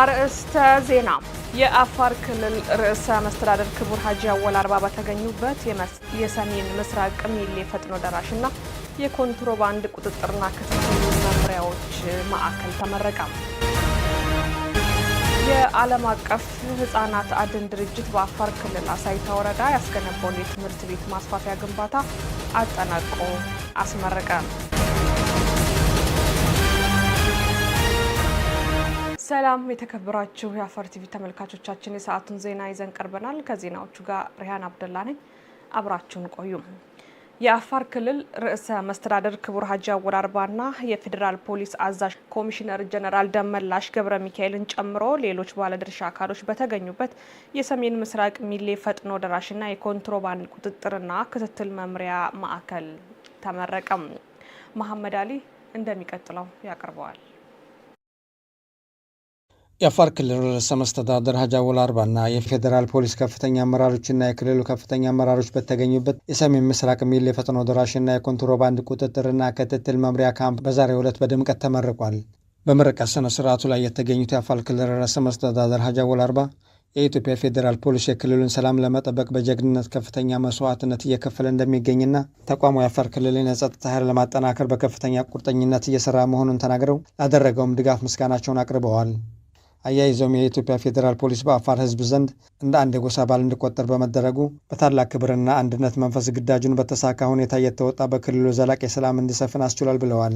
አርእስተ ዜና የአፋር ክልል ርዕሰ መስተዳደር ክቡር ሀጂ አወል አርባ በተገኙበት የሰሜን ምስራቅ ቅሚሌ ፈጥኖ ደራሽና የኮንትሮባንድ ቁጥጥርና ክትትል መምሪያዎች ማዕከል ተመረቀ። የዓለም አቀፍ ህጻናት አድን ድርጅት በአፋር ክልል አሳይታ ወረዳ ያስገነባውን የትምህርት ቤት ማስፋፊያ ግንባታ አጠናቆ አስመረቀ። ሰላም የተከበራችሁ የአፋር ቲቪ ተመልካቾቻችን የሰዓቱን ዜና ይዘን ቀርበናል። ከዜናዎቹ ጋር ሪሃን አብደላ ነኝ። አብራችሁን ቆዩ። የአፋር ክልል ርዕሰ መስተዳደር ክቡር ሀጂ አወል አርባና የፌዴራል ፖሊስ አዛዥ ኮሚሽነር ጀነራል ደመላሽ ገብረ ሚካኤልን ጨምሮ ሌሎች ባለድርሻ አካሎች በተገኙበት የሰሜን ምስራቅ ሚሌ ፈጥኖ ደራሽና የኮንትሮባንድ ቁጥጥርና ክትትል መምሪያ ማዕከል ተመረቀም። መሐመድ አሊ እንደሚቀጥለው ያቀርበዋል። የአፋር ክልል ርዕሰ መስተዳደር ሀጂ አወል አርባና የፌዴራል ፖሊስ ከፍተኛ አመራሮችና የክልሉ ከፍተኛ አመራሮች በተገኙበት የሰሜን ምስራቅ ሚል የፈጥኖ ደራሽና የኮንትሮባንድ ቁጥጥርና ክትትል መምሪያ ካምፕ በዛሬው ዕለት በድምቀት ተመርቋል። በምረቃት ስነ ስርዓቱ ላይ የተገኙት የአፋር ክልል ርዕሰ መስተዳደር ሀጂ አወል አርባ የኢትዮጵያ ፌዴራል ፖሊስ የክልሉን ሰላም ለመጠበቅ በጀግንነት ከፍተኛ መስዋዕትነት እየከፈለ እንደሚገኝና ተቋሙ የአፋር ክልልን የጸጥታ ኃይል ለማጠናከር በከፍተኛ ቁርጠኝነት እየሰራ መሆኑን ተናግረው ላደረገውም ድጋፍ ምስጋናቸውን አቅርበዋል። አያይዘውም የኢትዮጵያ ፌዴራል ፖሊስ በአፋር ሕዝብ ዘንድ እንደ አንድ የጎሳ አባል እንዲቆጠር በመደረጉ በታላቅ ክብርና አንድነት መንፈስ ግዳጁን በተሳካ ሁኔታ እየተወጣ በክልሉ ዘላቂ ሰላም እንዲሰፍን አስችሏል ብለዋል።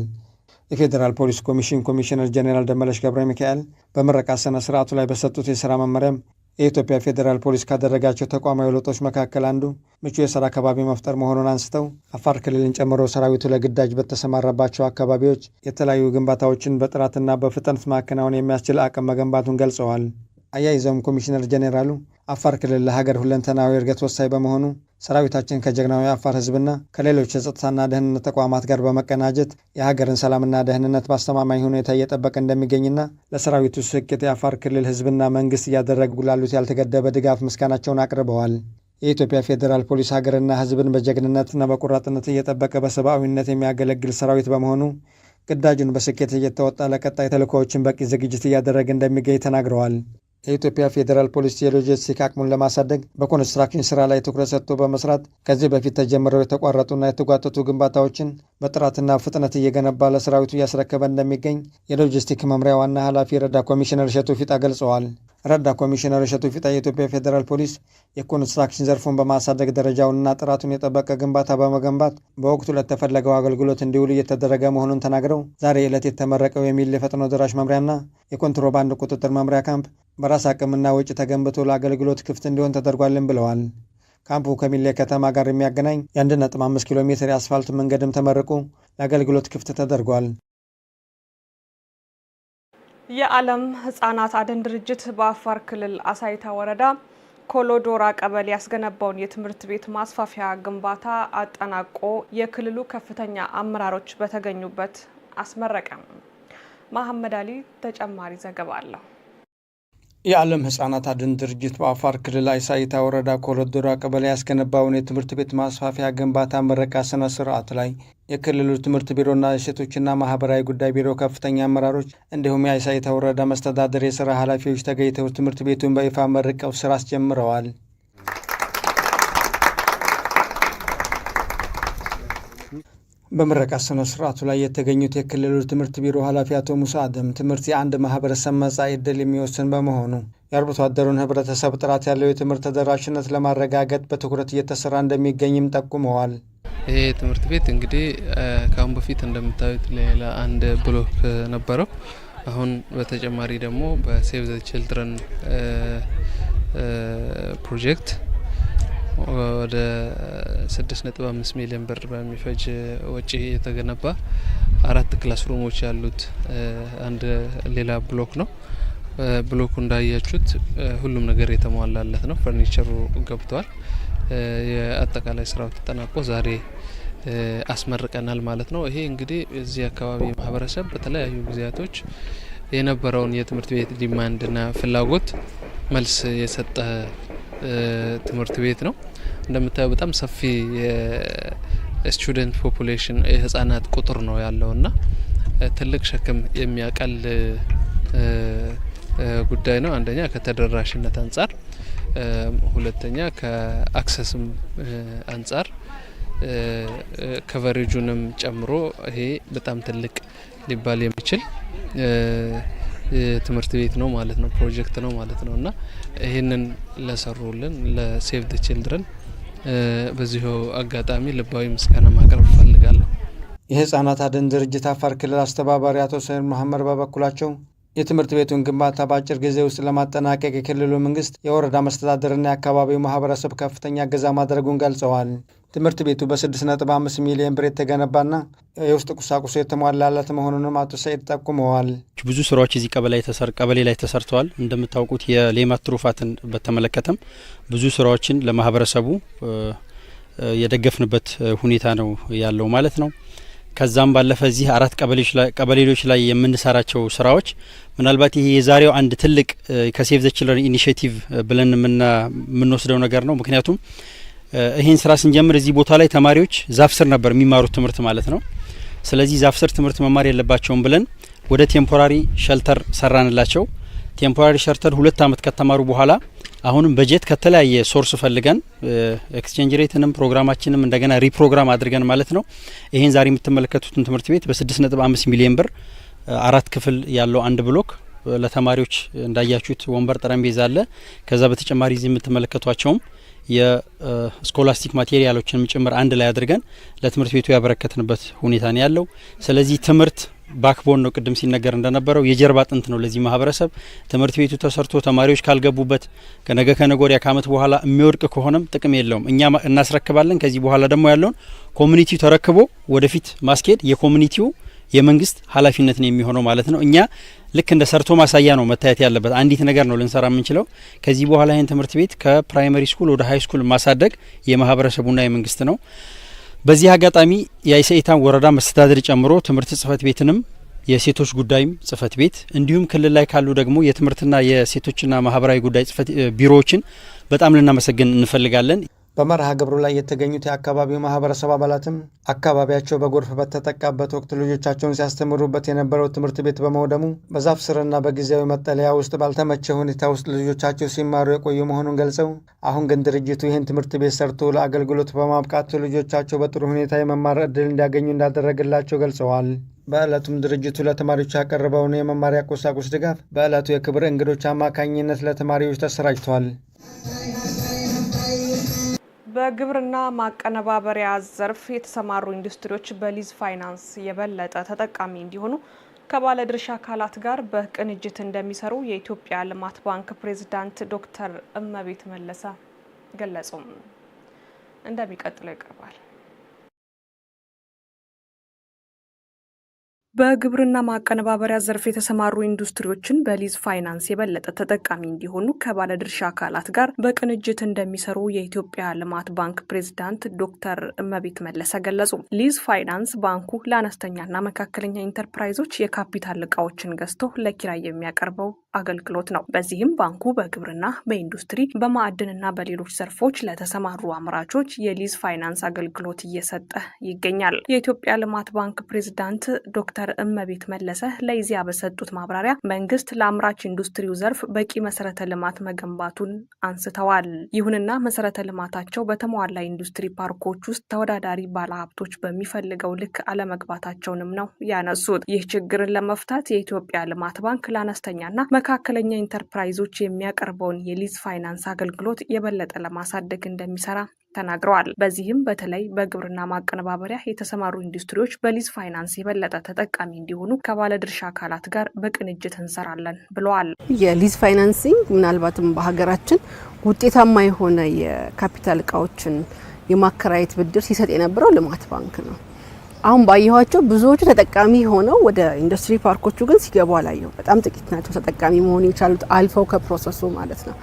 የፌዴራል ፖሊስ ኮሚሽን ኮሚሽነር ጀኔራል ደመለሽ ገብረ ሚካኤል በምረቃ ስነ ስርዓቱ ላይ በሰጡት የሥራ መመሪያም የኢትዮጵያ ፌዴራል ፖሊስ ካደረጋቸው ተቋማዊ ለውጦች መካከል አንዱ ምቹ የስራ አካባቢ መፍጠር መሆኑን አንስተው አፋር ክልልን ጨምሮ ሰራዊቱ ለግዳጅ በተሰማራባቸው አካባቢዎች የተለያዩ ግንባታዎችን በጥራትና በፍጥነት ማከናወን የሚያስችል አቅም መገንባቱን ገልጸዋል። አያይዘውም ኮሚሽነር ጄኔራሉ አፋር ክልል ለሀገር ሁለንተናዊ እድገት ወሳኝ በመሆኑ ሰራዊታችን ከጀግናዊ አፋር ህዝብና ከሌሎች የጸጥታና ደህንነት ተቋማት ጋር በመቀናጀት የሀገርን ሰላምና ደህንነት በአስተማማኝ ሁኔታ እየጠበቀ እንደሚገኝና ለሰራዊቱ ስኬት የአፋር ክልል ህዝብና መንግስት እያደረጉ ላሉት ያልተገደበ ድጋፍ ምስጋናቸውን አቅርበዋል። የኢትዮጵያ ፌዴራል ፖሊስ ሀገርና ህዝብን በጀግንነትና በቆራጥነት እየጠበቀ በሰብአዊነት የሚያገለግል ሰራዊት በመሆኑ ግዳጁን በስኬት እየተወጣ ለቀጣይ ተልእኮዎችን በቂ ዝግጅት እያደረገ እንደሚገኝ ተናግረዋል። የኢትዮጵያ ፌዴራል ፖሊስ የሎጂስቲክ አቅሙን ለማሳደግ በኮንስትራክሽን ስራ ላይ ትኩረት ሰጥቶ በመስራት ከዚህ በፊት ተጀምረው የተቋረጡና የተጓተቱ ግንባታዎችን በጥራትና ፍጥነት እየገነባ ለሰራዊቱ እያስረከበ እንደሚገኝ የሎጂስቲክ መምሪያ ዋና ኃላፊ ረዳ ኮሚሽነር እሸቱ ፊጣ ገልጸዋል። ረዳ ኮሚሽነር እሸቱ ፊጣ የኢትዮጵያ ፌዴራል ፖሊስ የኮንስትራክሽን ዘርፉን በማሳደግ ደረጃውንና ጥራቱን የጠበቀ ግንባታ በመገንባት በወቅቱ ለተፈለገው አገልግሎት እንዲውሉ እየተደረገ መሆኑን ተናግረው ዛሬ ዕለት የተመረቀው የሚል የፈጥኖ ደራሽ መምሪያና የኮንትሮባንድ ቁጥጥር መምሪያ ካምፕ በራስ አቅምና ወጪ ተገንብቶ ለአገልግሎት ክፍት እንዲሆን ተደርጓልን ብለዋል። ካምፑ ከሚሌ ከተማ ጋር የሚያገናኝ የ1.5 ኪሎ ሜትር የአስፋልት መንገድም ተመርቆ ለአገልግሎት ክፍት ተደርጓል። የዓለም ሕጻናት አድን ድርጅት በአፋር ክልል አሳይታ ወረዳ ኮሎዶራ ቀበሌ ያስገነባውን የትምህርት ቤት ማስፋፊያ ግንባታ አጠናቆ የክልሉ ከፍተኛ አመራሮች በተገኙበት አስመረቀም። መሐመድ አሊ ተጨማሪ ዘገባ አለው። የዓለም ህፃናት አድን ድርጅት በአፋር ክልል አይሳይታ ወረዳ ኮረዶራ ቀበሌ ያስገነባውን የትምህርት ቤት ማስፋፊያ ግንባታ ምረቃ ስነ ስርዓት ላይ የክልሉ ትምህርት ቢሮና የሴቶችና ማህበራዊ ጉዳይ ቢሮ ከፍተኛ አመራሮች እንዲሁም የአይሳይታ ወረዳ መስተዳደር የስራ ኃላፊዎች ተገኝተው ትምህርት ቤቱን በይፋ መርቀው ስራ አስጀምረዋል። በምረቃ ስነ ስርዓቱ ላይ የተገኙት የክልሉ ትምህርት ቢሮ ኃላፊ አቶ ሙሳ አደም ትምህርት የአንድ ማህበረሰብ መጻኢ ዕድል የሚወስን በመሆኑ የአርብቶ አደሩን ህብረተሰብ ጥራት ያለው የትምህርት ተደራሽነት ለማረጋገጥ በትኩረት እየተሰራ እንደሚገኝም ጠቁመዋል። ይሄ ትምህርት ቤት እንግዲህ ከአሁን በፊት እንደምታዩት ሌላ አንድ ብሎክ ነበረው። አሁን በተጨማሪ ደግሞ በሴቭ ዘ ችልድረን ፕሮጀክት ወደ 6.5 ሚሊዮን ብር በሚፈጅ ወጪ የተገነባ አራት ክላስ ሩሞች ያሉት አንድ ሌላ ብሎክ ነው። ብሎኩ እንዳያችሁት ሁሉም ነገር የተሟላለት ነው። ፈርኒቸሩ ገብቷል። የአጠቃላይ ስራው ተጠናቆ ዛሬ አስመርቀናል ማለት ነው። ይሄ እንግዲህ እዚህ አካባቢ ማህበረሰብ በተለያዩ ጊዜያቶች የነበረውን የትምህርት ቤት ዲማንድና ፍላጎት መልስ የሰጠ ትምህርት ቤት ነው። እንደምታየው በጣም ሰፊ የስቱደንት ፖፑሌሽን የህጻናት ቁጥር ነው ያለውና ትልቅ ሸክም የሚያቀል ጉዳይ ነው። አንደኛ ከተደራሽነት አንጻር፣ ሁለተኛ ከአክሰስም አንጻር ከቨሬጁንም ጨምሮ ይሄ በጣም ትልቅ ሊባል የሚችል ትምህርት ቤት ነው ማለት ነው፣ ፕሮጀክት ነው ማለት ነው እና ይህንን ለሰሩልን ለሴቭ ድ ችልድረን በዚሁ አጋጣሚ ልባዊ ምስጋና ማቅረብ እፈልጋለሁ። የህጻናት አድን ድርጅት አፋር ክልል አስተባባሪ አቶ ሰይድ መሐመድ በበኩላቸው የትምህርት ቤቱን ግንባታ በአጭር ጊዜ ውስጥ ለማጠናቀቅ የክልሉ መንግስት የወረዳ መስተዳደርና የአካባቢው ማህበረሰብ ከፍተኛ እገዛ ማድረጉን ገልጸዋል። ትምህርት ቤቱ በ6.5 ሚሊዮን ብር የተገነባና የውስጥ ቁሳቁሱ የተሟላለት መሆኑንም አቶ ሰኢድ ጠቁመዋል። ብዙ ስራዎች እዚህ ቀበሌ ላይ ተሰርተዋል። እንደምታውቁት የሌማት ትሩፋትን በተመለከተም ብዙ ስራዎችን ለማህበረሰቡ የደገፍንበት ሁኔታ ነው ያለው ማለት ነው። ከዛም ባለፈ እዚህ አራት ቀበሌዎች ላይ የምንሰራቸው ስራዎች ምናልባት ይሄ የዛሬው አንድ ትልቅ ከሴቭ ዘ ኢኒሽቲቭ ብለን የምንወስደው ነገር ነው። ምክንያቱም ይህን ስራ ስንጀምር እዚህ ቦታ ላይ ተማሪዎች ዛፍ ስር ነበር የሚማሩት ትምህርት ማለት ነው። ስለዚህ ዛፍ ስር ትምህርት መማር የለባቸውም ብለን ወደ ቴምፖራሪ ሸልተር ሰራንላቸው። ቴምፖራሪ ሸርተር ሁለት አመት ከተማሩ በኋላ አሁንም በጀት ከተለያየ ሶርስ ፈልገን ኤክስቼንጅ ሬትንም ፕሮግራማችንም እንደገና ሪፕሮግራም አድርገን ማለት ነው። ይሄን ዛሬ የምትመለከቱትን ትምህርት ቤት በ6.5 ሚሊዮን ብር አራት ክፍል ያለው አንድ ብሎክ ለተማሪዎች እንዳያችሁት ወንበር፣ ጠረጴዛ አለ። ከዛ በተጨማሪ እዚህ የምትመለከቷቸውም የስኮላስቲክ ማቴሪያሎችንም ጭምር አንድ ላይ አድርገን ለትምህርት ቤቱ ያበረከትንበት ሁኔታ ነው ያለው። ስለዚህ ትምህርት ባክቦን ነው። ቅድም ሲነገር እንደነበረው የጀርባ አጥንት ነው ለዚህ ማህበረሰብ። ትምህርት ቤቱ ተሰርቶ ተማሪዎች ካልገቡበት ከነገ ከነገ ወዲያ ከአመት በኋላ የሚወድቅ ከሆነም ጥቅም የለውም። እኛ እናስረክባለን። ከዚህ በኋላ ደግሞ ያለውን ኮሚኒቲው ተረክቦ ወደፊት ማስኬድ የኮሚኒቲው የመንግስት ኃላፊነት ነው የሚሆነው ማለት ነው። እኛ ልክ እንደ ሰርቶ ማሳያ ነው መታየት ያለበት። አንዲት ነገር ነው ልንሰራ የምንችለው። ከዚህ በኋላ ይህን ትምህርት ቤት ከፕራይመሪ ስኩል ወደ ሀይ ስኩል ማሳደግ የማህበረሰቡና የመንግስት ነው። በዚህ አጋጣሚ የአይሰኢታን ወረዳ መስተዳደር ጨምሮ ትምህርት ጽህፈት ቤትንም የሴቶች ጉዳይም ጽህፈት ቤት እንዲሁም ክልል ላይ ካሉ ደግሞ የትምህርትና የሴቶችና ማህበራዊ ጉዳይ ቢሮዎችን በጣም ልናመሰግን እንፈልጋለን። በመርሃ ግብሩ ላይ የተገኙት የአካባቢው ማህበረሰብ አባላትም አካባቢያቸው በጎርፍ በተጠቃበት ወቅት ልጆቻቸውን ሲያስተምሩበት የነበረው ትምህርት ቤት በመውደሙ በዛፍ ስርና በጊዜያዊ መጠለያ ውስጥ ባልተመቸ ሁኔታ ውስጥ ልጆቻቸው ሲማሩ የቆዩ መሆኑን ገልጸው አሁን ግን ድርጅቱ ይህን ትምህርት ቤት ሰርቶ ለአገልግሎት በማብቃት ልጆቻቸው በጥሩ ሁኔታ የመማር እድል እንዲያገኙ እንዳደረግላቸው ገልጸዋል። በዕለቱም ድርጅቱ ለተማሪዎች ያቀረበውን የመማሪያ ቁሳቁስ ድጋፍ በዕለቱ የክብር እንግዶች አማካኝነት ለተማሪዎች ተሰራጭቷል። በግብርና ማቀነባበሪያ ዘርፍ የተሰማሩ ኢንዱስትሪዎች በሊዝ ፋይናንስ የበለጠ ተጠቃሚ እንዲሆኑ ከባለድርሻ አካላት ጋር በቅንጅት እንደሚሰሩ የኢትዮጵያ ልማት ባንክ ፕሬዚዳንት ዶክተር እመቤት መለሰ ገለጹም። እንደሚቀጥለው ይቀርባል። በግብርና ማቀነባበሪያ ዘርፍ የተሰማሩ ኢንዱስትሪዎችን በሊዝ ፋይናንስ የበለጠ ተጠቃሚ እንዲሆኑ ከባለድርሻ አካላት ጋር በቅንጅት እንደሚሰሩ የኢትዮጵያ ልማት ባንክ ፕሬዚዳንት ዶክተር እመቤት መለሰ ገለጹ። ሊዝ ፋይናንስ ባንኩ ለአነስተኛና መካከለኛ ኢንተርፕራይዞች የካፒታል እቃዎችን ገዝቶ ለኪራይ የሚያቀርበው አገልግሎት ነው። በዚህም ባንኩ በግብርና፣ በኢንዱስትሪ፣ በማዕድንና በሌሎች ዘርፎች ለተሰማሩ አምራቾች የሊዝ ፋይናንስ አገልግሎት እየሰጠ ይገኛል። የኢትዮጵያ ልማት ባንክ ፕሬዝዳንት ዶክተር እመቤት መለሰ ለኢዜአ በሰጡት ማብራሪያ መንግስት ለአምራች ኢንዱስትሪው ዘርፍ በቂ መሰረተ ልማት መገንባቱን አንስተዋል። ይሁንና መሰረተ ልማታቸው በተሟላ ኢንዱስትሪ ፓርኮች ውስጥ ተወዳዳሪ ባለሀብቶች በሚፈልገው ልክ አለመግባታቸውንም ነው ያነሱት። ይህ ችግርን ለመፍታት የኢትዮጵያ ልማት ባንክ ለአነስተኛና መካከለኛ ኢንተርፕራይዞች የሚያቀርበውን የሊዝ ፋይናንስ አገልግሎት የበለጠ ለማሳደግ እንደሚሰራ ተናግረዋል። በዚህም በተለይ በግብርና ማቀነባበሪያ የተሰማሩ ኢንዱስትሪዎች በሊዝ ፋይናንስ የበለጠ ተጠቃሚ እንዲሆኑ ከባለድርሻ አካላት ጋር በቅንጅት እንሰራለን ብለዋል። የሊዝ ፋይናንሲንግ ምናልባትም በሀገራችን ውጤታማ የሆነ የካፒታል እቃዎችን የማከራየት ብድር ሲሰጥ የነበረው ልማት ባንክ ነው። አሁን ባየኋቸው ብዙዎቹ ተጠቃሚ ሆነው ወደ ኢንዱስትሪ ፓርኮቹ ግን ሲገቡ አላየሁ። በጣም ጥቂት ናቸው ተጠቃሚ መሆን የቻሉት አልፈው ከፕሮሰሱ ማለት ነው።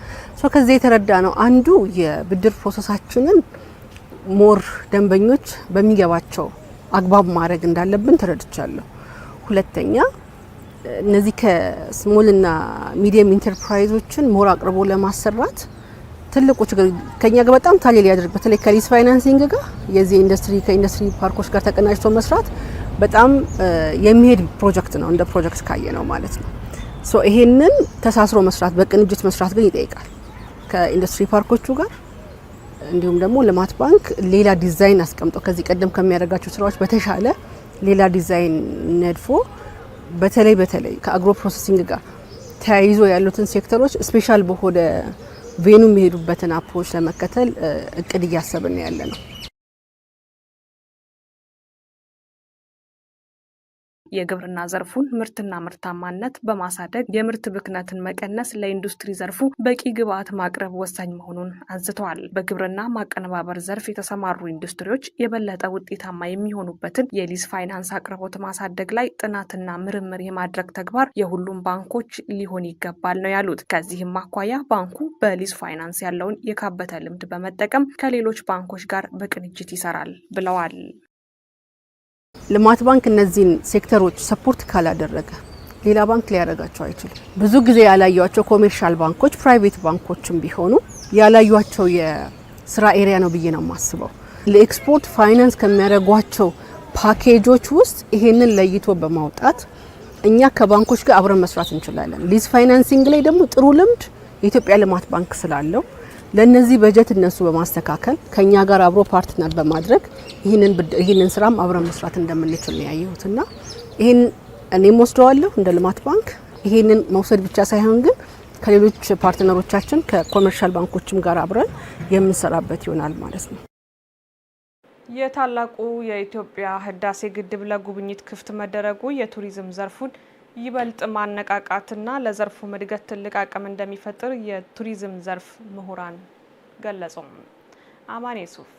ከዚህ የተረዳ ነው አንዱ የብድር ፕሮሰሳችንን ሞር ደንበኞች በሚገባቸው አግባብ ማድረግ እንዳለብን ተረድቻለሁ። ሁለተኛ እነዚህ ከስሞልና ሚዲየም ኢንተርፕራይዞችን ሞር አቅርቦ ለማሰራት ትልቁ ችግር ከኛ ጋር በጣም ታሌ ሊያደርግ በተለይ ከሊስ ፋይናንሲንግ ጋር የዚህ ኢንዱስትሪ ከኢንዱስትሪ ፓርኮች ጋር ተቀናጅቶ መስራት በጣም የሚሄድ ፕሮጀክት ነው፣ እንደ ፕሮጀክት ካየ ነው ማለት ነው። ሶ ይሄንን ተሳስሮ መስራት በቅንጅት መስራት ግን ይጠይቃል ከኢንዱስትሪ ፓርኮቹ ጋር እንዲሁም ደግሞ ልማት ባንክ ሌላ ዲዛይን አስቀምጦ ከዚህ ቀደም ከሚያደርጋቸው ስራዎች በተሻለ ሌላ ዲዛይን ነድፎ በተለይ በተለይ ከአግሮ ፕሮሰሲንግ ጋር ተያይዞ ያሉትን ሴክተሮች ስፔሻል በሆነ ቬኑ የሚሄዱበትን አፕሮች ለመከተል እቅድ እያሰብን ያለ ነው። የግብርና ዘርፉን ምርትና ምርታማነት በማሳደግ የምርት ብክነትን መቀነስ፣ ለኢንዱስትሪ ዘርፉ በቂ ግብዓት ማቅረብ ወሳኝ መሆኑን አንስተዋል። በግብርና ማቀነባበር ዘርፍ የተሰማሩ ኢንዱስትሪዎች የበለጠ ውጤታማ የሚሆኑበትን የሊዝ ፋይናንስ አቅርቦት ማሳደግ ላይ ጥናትና ምርምር የማድረግ ተግባር የሁሉም ባንኮች ሊሆን ይገባል ነው ያሉት። ከዚህም አኳያ ባንኩ በሊዝ ፋይናንስ ያለውን የካበተ ልምድ በመጠቀም ከሌሎች ባንኮች ጋር በቅንጅት ይሰራል ብለዋል። ልማት ባንክ እነዚህን ሴክተሮች ሰፖርት ካላደረገ ሌላ ባንክ ሊያደርጋቸው አይችልም። ብዙ ጊዜ ያላዩቸው ኮሜርሻል ባንኮች፣ ፕራይቬት ባንኮችም ቢሆኑ ያላዩቸው የስራ ኤሪያ ነው ብዬ ነው የማስበው። ለኤክስፖርት ፋይናንስ ከሚያደርጓቸው ፓኬጆች ውስጥ ይሄንን ለይቶ በማውጣት እኛ ከባንኮች ጋር አብረን መስራት እንችላለን። ሊዝ ፋይናንሲንግ ላይ ደግሞ ጥሩ ልምድ የኢትዮጵያ ልማት ባንክ ስላለው ለነዚህ በጀት እነሱ በማስተካከል ከኛ ጋር አብሮ ፓርትነር በማድረግ ይህንን ስራም አብረን መስራት እንደምንችል ነው እና ይህን እኔም ወስደዋለሁ እንደ ልማት ባንክ። ይህንን መውሰድ ብቻ ሳይሆን ግን ከሌሎች ፓርትነሮቻችን ከኮመርሻል ባንኮችም ጋር አብረን የምንሰራበት ይሆናል ማለት ነው። የታላቁ የኢትዮጵያ ህዳሴ ግድብ ለጉብኝት ክፍት መደረጉ የቱሪዝም ዘርፉን ይበልጥ ማነቃቃትና ለዘርፉ እድገት ትልቅ አቅም እንደሚፈጥር የቱሪዝም ዘርፍ ምሁራን ገለጹም። አማኔ ሱፍ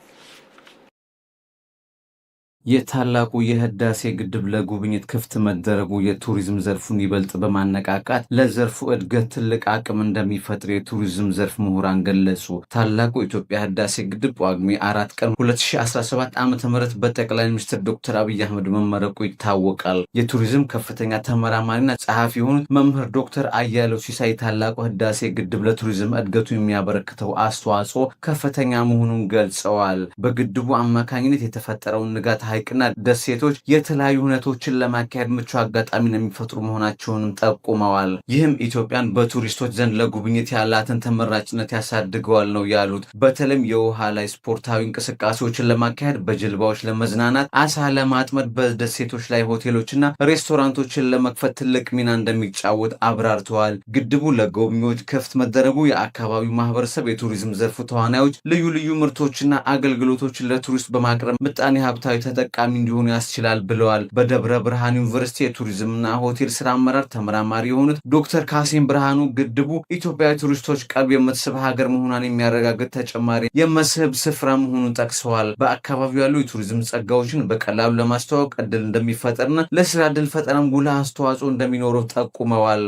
የታላቁ የህዳሴ ግድብ ለጉብኝት ክፍት መደረጉ የቱሪዝም ዘርፉን ይበልጥ በማነቃቃት ለዘርፉ እድገት ትልቅ አቅም እንደሚፈጥር የቱሪዝም ዘርፍ ምሁራን ገለጹ። ታላቁ የኢትዮጵያ ህዳሴ ግድብ ጳጉሜ አራት ቀን 2017 ዓ ም በጠቅላይ ሚኒስትር ዶክተር አብይ አህመድ መመረቁ ይታወቃል። የቱሪዝም ከፍተኛ ተመራማሪና ጸሐፊ የሆኑት መምህር ዶክተር አያሌው ሲሳይ ታላቁ ህዳሴ ግድብ ለቱሪዝም እድገቱ የሚያበረክተው አስተዋጽኦ ከፍተኛ መሆኑን ገልጸዋል። በግድቡ አማካኝነት የተፈጠረውን ንጋት ሐይቅና ደሴቶች የተለያዩ ሁነቶችን ለማካሄድ ምቹ አጋጣሚን የሚፈጥሩ መሆናቸውንም ጠቁመዋል። ይህም ኢትዮጵያን በቱሪስቶች ዘንድ ለጉብኝት ያላትን ተመራጭነት ያሳድገዋል ነው ያሉት። በተለይም የውሃ ላይ ስፖርታዊ እንቅስቃሴዎችን ለማካሄድ በጀልባዎች ለመዝናናት፣ አሳ ለማጥመድ፣ በደሴቶች ላይ ሆቴሎችና ሬስቶራንቶችን ለመክፈት ትልቅ ሚና እንደሚጫወት አብራርተዋል። ግድቡ ለጎብኚዎች ክፍት መደረጉ የአካባቢው ማህበረሰብ የቱሪዝም ዘርፉ ተዋናዮች ልዩ ልዩ ምርቶችና አገልግሎቶችን ለቱሪስት በማቅረብ ምጣኔ ሀብታዊ ተጠ ተጠቃሚ እንዲሆኑ ያስችላል ብለዋል። በደብረ ብርሃን ዩኒቨርሲቲ የቱሪዝምና ሆቴል ስራ አመራር ተመራማሪ የሆኑት ዶክተር ካሴም ብርሃኑ ግድቡ ኢትዮጵያዊ ቱሪስቶች ቀልብ የምትስብ ሀገር መሆኗን የሚያረጋግጥ ተጨማሪ የመስህብ ስፍራ መሆኑን ጠቅሰዋል። በአካባቢው ያሉ የቱሪዝም ጸጋዎችን በቀላሉ ለማስተዋወቅ እድል እንደሚፈጠርና ለስራ እድል ፈጠረም ጉልህ አስተዋጽኦ እንደሚኖረው ጠቁመዋል።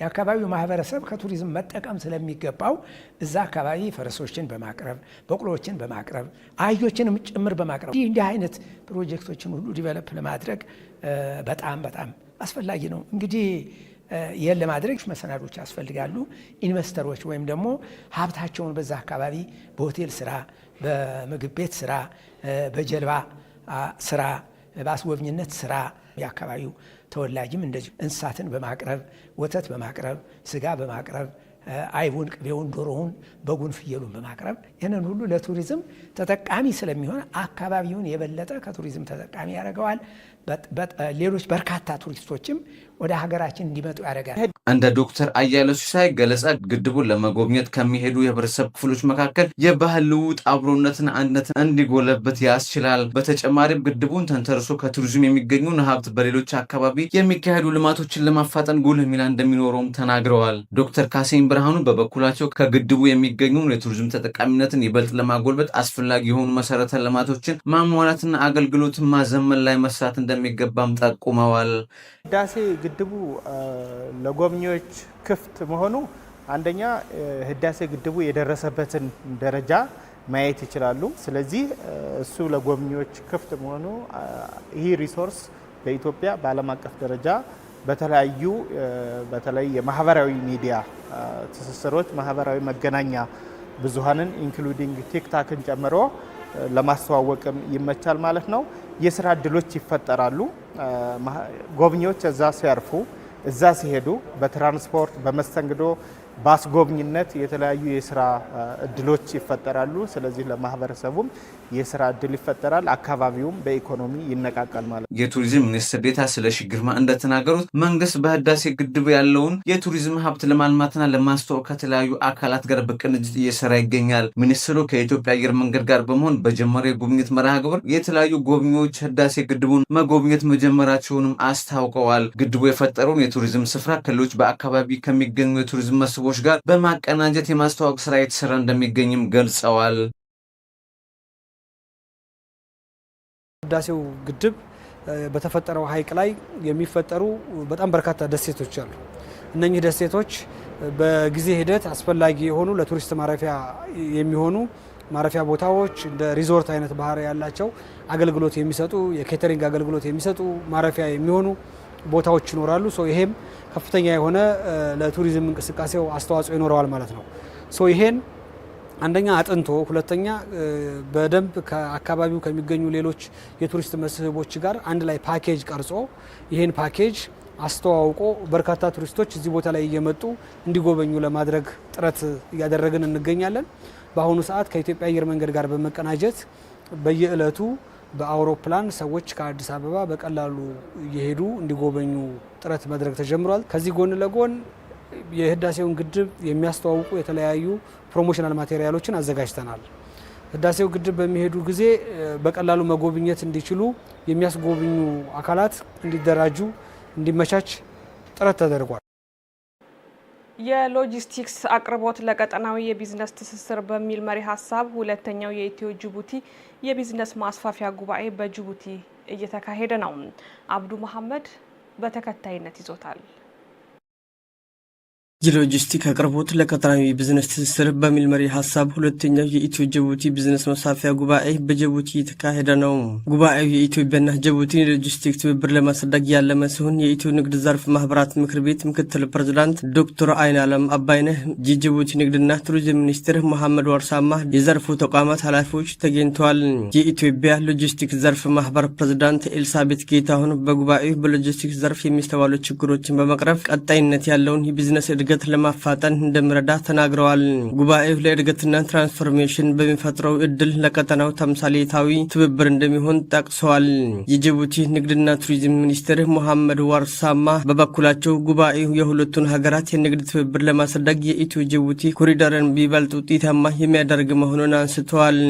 የአካባቢው ማህበረሰብ ከቱሪዝም መጠቀም ስለሚገባው እዛ አካባቢ ፈረሶችን በማቅረብ በቅሎዎችን በማቅረብ አህዮችንም ጭምር በማቅረብ ይህ እንዲህ አይነት ፕሮጀክቶችን ሁሉ ዲቨሎፕ ለማድረግ በጣም በጣም አስፈላጊ ነው። እንግዲህ ይህን ለማድረግ መሰናዶች ያስፈልጋሉ። ኢንቨስተሮች ወይም ደግሞ ሀብታቸውን በዛ አካባቢ በሆቴል ስራ፣ በምግብ ቤት ስራ፣ በጀልባ ስራ፣ በአስጎብኝነት ስራ የአካባቢው ተወላጅም እንደዚሁ እንስሳትን በማቅረብ ወተት በማቅረብ ስጋ በማቅረብ አይቡን፣ ቅቤውን፣ ዶሮውን፣ በጉን፣ ፍየሉን በማቅረብ ይህንን ሁሉ ለቱሪዝም ተጠቃሚ ስለሚሆን አካባቢውን የበለጠ ከቱሪዝም ተጠቃሚ ያደርገዋል። ሌሎች በርካታ ቱሪስቶችም ወደ ሀገራችን እንዲመጡ ያደርጋል። እንደ ዶክተር አያለ ሲሳይ ገለጻ ግድቡን ለመጎብኘት ከሚሄዱ የህብረተሰብ ክፍሎች መካከል የባህል ልውውጥ አብሮነትን፣ አንድነትን እንዲጎለበት ያስችላል። በተጨማሪም ግድቡን ተንተርሶ ከቱሪዝም የሚገኙ ሀብት በሌሎች አካባቢ የሚካሄዱ ልማቶችን ለማፋጠን ጉልህ ሚና እንደሚኖረውም ተናግረዋል። ዶክተር ካሴን ብርሃኑ በበኩላቸው ከግድቡ የሚገኙ የቱሪዝም ተጠቃሚነትን ይበልጥ ለማጎልበት አስፈላጊ የሆኑ መሰረተ ልማቶችን ማሟላትና አገልግሎትን ማዘመን ላይ መስራት እንደሚገባም ጠቁመዋል። ህዳሴ ግድቡ ለጎብ ለጎብኚዎች ክፍት መሆኑ አንደኛ ህዳሴ ግድቡ የደረሰበትን ደረጃ ማየት ይችላሉ። ስለዚህ እሱ ለጎብኚዎች ክፍት መሆኑ ይህ ሪሶርስ በኢትዮጵያ በዓለም አቀፍ ደረጃ በተለያዩ በተለይ የማህበራዊ ሚዲያ ትስስሮች፣ ማህበራዊ መገናኛ ብዙሃንን ኢንክሉዲንግ ቲክታክን ጨምሮ ለማስተዋወቅም ይመቻል ማለት ነው። የስራ እድሎች ይፈጠራሉ። ጎብኚዎች እዛ ሲያርፉ እዛ ሲሄዱ በትራንስፖርት በመስተንግዶ በአስጎብኝነት የተለያዩ የስራ እድሎች ይፈጠራሉ። ስለዚህ ለማህበረሰቡም የስራ እድል ይፈጠራል፣ አካባቢውም በኢኮኖሚ ይነቃቃል ማለት ነው። የቱሪዝም ሚኒስትር ዴኤታ ስለሺ ግርማ እንደተናገሩት መንግስት በህዳሴ ግድብ ያለውን የቱሪዝም ሀብት ለማልማትና ለማስተዋወቅ ከተለያዩ አካላት ጋር በቅንጅት እየሰራ ይገኛል። ሚኒስትሩ ከኢትዮጵያ አየር መንገድ ጋር በመሆን በጀመሪያ የጉብኝት መርሃ ግብር የተለያዩ ጎብኚዎች ህዳሴ ግድቡን መጎብኘት መጀመራቸውንም አስታውቀዋል። ግድቡ የፈጠረውን የቱሪዝም ስፍራ ከሌሎች በአካባቢ ከሚገኙ የቱሪዝም መስቦ ሰዎች ጋር በማቀናጀት የማስተዋወቅ ስራ የተሰራ እንደሚገኝም ገልጸዋል። ህዳሴው ግድብ በተፈጠረው ሀይቅ ላይ የሚፈጠሩ በጣም በርካታ ደሴቶች አሉ። እነኚህ ደሴቶች በጊዜ ሂደት አስፈላጊ የሆኑ ለቱሪስት ማረፊያ የሚሆኑ ማረፊያ ቦታዎች እንደ ሪዞርት አይነት ባህሪ ያላቸው አገልግሎት የሚሰጡ የኬተሪንግ አገልግሎት የሚሰጡ ማረፊያ የሚሆኑ ቦታዎች ይኖራሉ። ይሄም ከፍተኛ የሆነ ለቱሪዝም እንቅስቃሴው አስተዋጽኦ ይኖረዋል ማለት ነው። ይሄን አንደኛ አጥንቶ ሁለተኛ በደንብ ከአካባቢው ከሚገኙ ሌሎች የቱሪስት መስህቦች ጋር አንድ ላይ ፓኬጅ ቀርጾ ይህን ፓኬጅ አስተዋውቆ በርካታ ቱሪስቶች እዚህ ቦታ ላይ እየመጡ እንዲጎበኙ ለማድረግ ጥረት እያደረግን እንገኛለን። በአሁኑ ሰዓት ከኢትዮጵያ አየር መንገድ ጋር በመቀናጀት በየዕለቱ በአውሮፕላን ሰዎች ከአዲስ አበባ በቀላሉ እየሄዱ እንዲጎበኙ ጥረት መድረግ ተጀምሯል። ከዚህ ጎን ለጎን የህዳሴውን ግድብ የሚያስተዋውቁ የተለያዩ ፕሮሞሽናል ማቴሪያሎችን አዘጋጅተናል። ህዳሴው ግድብ በሚሄዱ ጊዜ በቀላሉ መጎብኘት እንዲችሉ የሚያስጎብኙ አካላት እንዲደራጁ እንዲመቻች ጥረት ተደርጓል። የሎጂስቲክስ አቅርቦት ለቀጠናዊ የቢዝነስ ትስስር በሚል መሪ ሀሳብ ሁለተኛው የኢትዮ ጅቡቲ የቢዝነስ ማስፋፊያ ጉባኤ በጅቡቲ እየተካሄደ ነው። አብዱ መሐመድ በተከታይነት ይዞታል። ሎጂስቲክ አቅርቦት ለቀጠናዊ ቢዝነስ ትስስር በሚል መሪ ሀሳብ ሁለተኛው የኢትዮ ጅቡቲ ቢዝነስ መሳፊያ ጉባኤ በጅቡቲ የተካሄደ ነው። ጉባኤው የኢትዮጵያና ጅቡቲን የሎጂስቲክ ትብብር ለማሳደግ ያለመ ሲሆን የኢትዮ ንግድ ዘርፍ ማህበራት ምክር ቤት ምክትል ፕሬዚዳንት ዶክተር አይን አለም አባይነህ፣ የጅቡቲ ንግድና ቱሪዝም ሚኒስትር መሐመድ ዋርሳማ፣ የዘርፉ ተቋማት ኃላፊዎች ተገኝተዋል። የኢትዮጵያ ሎጂስቲክ ዘርፍ ማህበር ፕሬዚዳንት ኤልሳቤት ጌታሁን በጉባኤው በሎጂስቲክ ዘርፍ የሚስተዋሉ ችግሮችን በመቅረፍ ቀጣይነት ያለውን የቢዝነስ እድገት እድገት ለማፋጠን እንደሚረዳ ተናግረዋል። ጉባኤው ለእድገትና ትራንስፎርሜሽን በሚፈጥረው እድል ለቀጠናው ተምሳሌታዊ ትብብር እንደሚሆን ጠቅሰዋል። የጅቡቲ ንግድና ቱሪዝም ሚኒስትር ሞሐመድ ዋርሳማ በበኩላቸው ጉባኤው የሁለቱን ሀገራት የንግድ ትብብር ለማሳደግ የኢትዮ ጅቡቲ ኮሪደርን ቢበልጥ ውጤታማ የሚያደርግ መሆኑን አንስተዋል።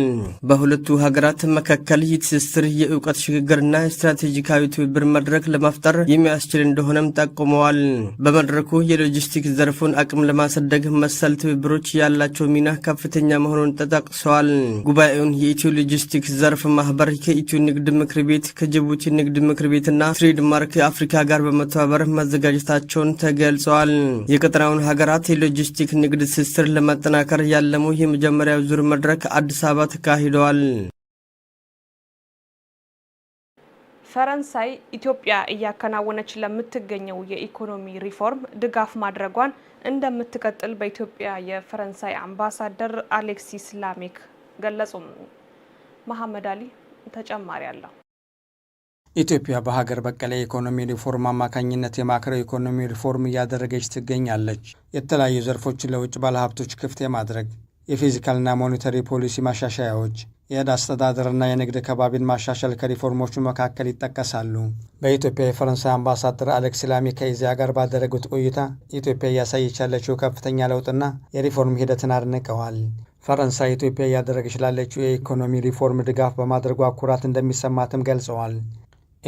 በሁለቱ ሀገራት መካከል የትስስር የእውቀት ሽግግርና ስትራቴጂካዊ ትብብር መድረክ ለመፍጠር የሚያስችል እንደሆነም ጠቁመዋል። በመድረኩ የሎጂስቲክስ የዘርፉን አቅም ለማሳደግ መሰል ትብብሮች ያላቸው ሚና ከፍተኛ መሆኑን ተጠቅሰዋል። ጉባኤውን የኢትዮ ሎጂስቲክስ ዘርፍ ማህበር ከኢትዮ ንግድ ምክር ቤት ከጅቡቲ ንግድ ምክር ቤትና ትሬድማርክ አፍሪካ ጋር በመተባበር መዘጋጀታቸውን ተገልጸዋል። የቀጠናውን ሀገራት የሎጂስቲክ ንግድ ትስስር ለማጠናከር ያለሙ የመጀመሪያው ዙር መድረክ አዲስ አበባ ተካሂደዋል። ፈረንሳይ ኢትዮጵያ እያከናወነች ለምትገኘው የኢኮኖሚ ሪፎርም ድጋፍ ማድረጓን እንደምትቀጥል በኢትዮጵያ የፈረንሳይ አምባሳደር አሌክሲስ ላሜክ ገለጹም። መሐመድ አሊ ተጨማሪ አለው። ኢትዮጵያ በሀገር በቀል የኢኮኖሚ ሪፎርም አማካኝነት የማክሮ ኢኮኖሚ ሪፎርም እያደረገች ትገኛለች። የተለያዩ ዘርፎችን ለውጭ ባለሀብቶች ክፍት የማድረግ የፊዚካልና ሞኔታሪ ፖሊሲ ማሻሻያዎች የዕዳ አስተዳደርና የንግድ ከባቢን ማሻሻል ከሪፎርሞቹ መካከል ይጠቀሳሉ። በኢትዮጵያ የፈረንሳይ አምባሳደር አሌክስ ላሚ ከኢዜአ ጋር ባደረጉት ቆይታ ኢትዮጵያ እያሳየች ያለችው ከፍተኛ ለውጥና የሪፎርም ሂደትን አድንቀዋል። ፈረንሳይ ኢትዮጵያ እያደረገች ላለችው የኢኮኖሚ ሪፎርም ድጋፍ በማድረጓ ኩራት እንደሚሰማትም ገልጸዋል።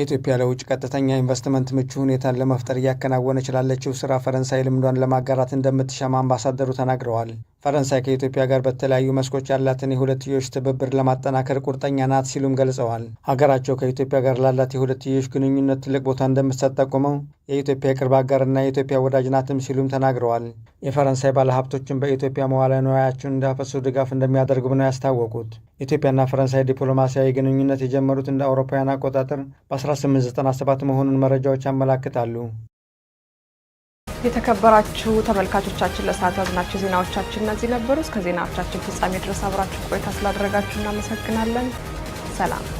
ኢትዮጵያ ለውጭ ቀጥተኛ ኢንቨስትመንት ምቹ ሁኔታን ለመፍጠር እያከናወነች ላለችው ስራ ፈረንሳይ ልምዷን ለማጋራት እንደምትሻማ አምባሳደሩ ተናግረዋል። ፈረንሳይ ከኢትዮጵያ ጋር በተለያዩ መስኮች ያላትን የሁለትዮሽ ትብብር ለማጠናከር ቁርጠኛ ናት ሲሉም ገልጸዋል። ሀገራቸው ከኢትዮጵያ ጋር ላላት የሁለትዮሽ ግንኙነት ትልቅ ቦታ እንደምትሰጥ ጠቁመው የኢትዮጵያ የቅርብ አጋርና የኢትዮጵያ ወዳጅ ናትም ሲሉም ተናግረዋል። የፈረንሳይ ባለሀብቶችን በኢትዮጵያ መዋለ ንዋያቸውን እንዳፈሱ ድጋፍ እንደሚያደርጉም ነው ያስታወቁት። ኢትዮጵያና ፈረንሳይ ዲፕሎማሲያዊ ግንኙነት የጀመሩት እንደ አውሮፓውያን አቆጣጠር በ1897 መሆኑን መረጃዎች ያመላክታሉ። የተከበራችሁ ተመልካቾቻችን ለሰዓት ያዝናቸው ዜናዎቻችን እነዚህ ነበሩ። እስከ ዜናዎቻችን ፍጻሜ ድረስ አብራችሁ ቆይታ ስላደረጋችሁ እናመሰግናለን። ሰላም